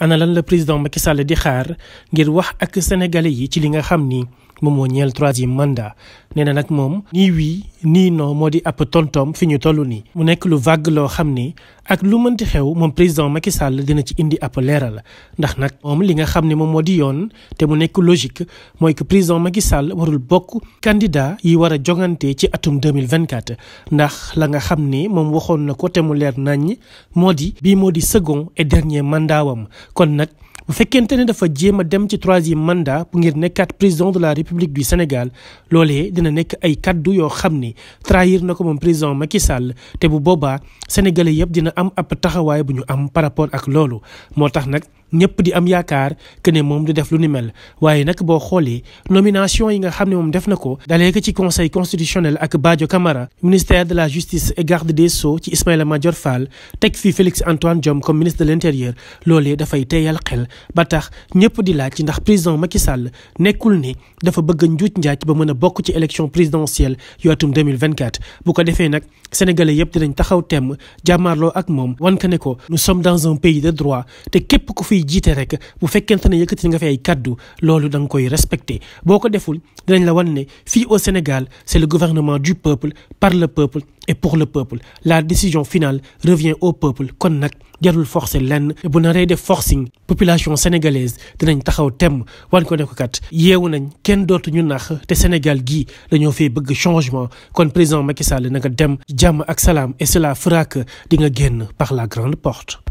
ana lan la président Macky Sall di xaar ngir wax ak sénégalais yi ci li nga xam ni moom moo ñeel troisième mandat nee na nag moom nii wii nii non moo di ab tontoom fi ñu toll nii. mu nekk lu vague loo xam ni ak lu mënti xew moom président Macky dina ci indi ab leeral ndax nag moom li nga xam ne moom moo di yoon te mu nekk logique mooy que président Macky warul bokk candidat yi war a jongante ci atum 2024 ndax la nga xam ni moom waxoon na ko te mu leer naññ moo di bii moo di second et dernier mandaawam kon nag. bu fekkente ne dafa jéem a dem ci troisième manda ngir ngir nekkaat président de la république du Sénégal loolee dina nekk ay kaddu yoo xam ni trahir na ko moom président Macky Sall te bu boobaa sénégalais yëpp dina am ab taxawaay bu ñu am par rapport ak loolu moo tax nag. ñëpp di am yaakaar que ne moom du def lu ni mel waaye nag boo xoolee nomination yi nga xam ne moom def na ko dalee ko ci conseil constitutionnel ak Badio Camara ministère de la justice et garde des sceaux ci Ismaïla Madior Fall teg fi Félix Antoine Diome comme ministre de l'intérieur loolee dafay teeyal xel ba tax ñëpp di laaj ci ndax président Macky Sall nekkul ne dafa bëgg njuuj njaaj ba mën a bokk ci élection présidentielle yu atum 2024 bu ko defee nag sénégalais yëpp dinañ taxaw temm jàmmaarloo ak moom wan ne ko nous fay jiite rek bu fekkente ne yëkkati nga fi ay kaddu loolu da nga koy respecté boo ko deful dinañ la wan ne fii au Sénégal c'est le gouvernement du peuple par le peuple et pour le peuple la décision finale revient au peuple kon nag jarul forcer lenn bu naree def forcing population sénégalaise dinañ taxaw temm wan ko ne ko kat yeewu nañ kenn dootu ñu nax te Sénégal gii dañoo fee bëgg changement kon président Macky Sall na dem jàmm ak salaam et cela di nga génn par la grande porte